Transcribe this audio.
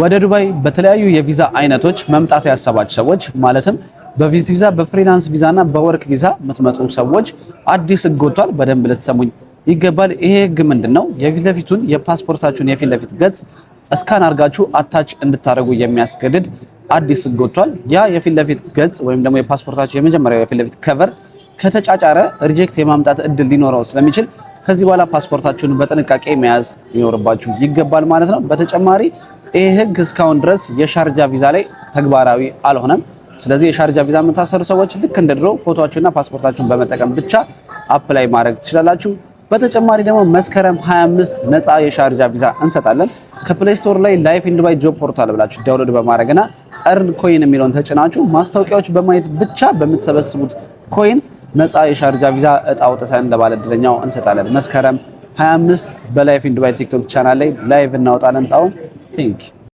ወደ ዱባይ በተለያዩ የቪዛ አይነቶች መምጣት ያሰባችሁ ሰዎች ማለትም በቪዚት ቪዛ፣ በፍሪላንስ ቪዛ እና በወርክ ቪዛ የምትመጡ ሰዎች አዲስ ህግ ወጥቷል። በደንብ ልትሰሙኝ ይገባል። ይሄ ህግ ምንድን ነው? የፊት ለፊቱን የፓስፖርታችሁን የፊት ለፊት ገጽ እስካን አድርጋችሁ አታች እንድታደርጉ የሚያስገድድ አዲስ ህግ ወጥቷል። ያ የፊት ለፊት ገጽ ወይም ደግሞ የፓስፖርታችሁ የመጀመሪያው የፊት ለፊት ከቨር ከተጫጫረ ሪጀክት የማምጣት እድል ሊኖረው ስለሚችል ከዚህ በኋላ ፓስፖርታችሁን በጥንቃቄ መያዝ ሊኖርባችሁ ይገባል ማለት ነው። በተጨማሪ ይህ ህግ እስካሁን ድረስ የሻርጃ ቪዛ ላይ ተግባራዊ አልሆነም። ስለዚህ የሻርጃ ቪዛ የምታሰሩ ሰዎች ልክ እንደ ድሮ ፎቶችሁና ፓስፖርታችሁን በመጠቀም ብቻ አፕላይ ማድረግ ትችላላችሁ። በተጨማሪ ደግሞ መስከረም 25 ነፃ የሻርጃ ቪዛ እንሰጣለን። ከፕሌይ ስቶር ላይ ላይፍ ኢን ዱባይ ጆብ ፖርታል ብላችሁ ዳውንሎድ በማድረግና እርን ኮይን የሚለውን ተጭናችሁ ማስታወቂያዎች በማየት ብቻ በምትሰበስቡት ኮይን ነፃ የሻርጃ ቪዛ እጣ አውጥተን ለባለ እንሰጣለን። መስከረም 25 በላይፍ ኢን ዱባይ ቲክቶክ ቻናል ላይ ላይቭ እናወጣለን። ጣውም think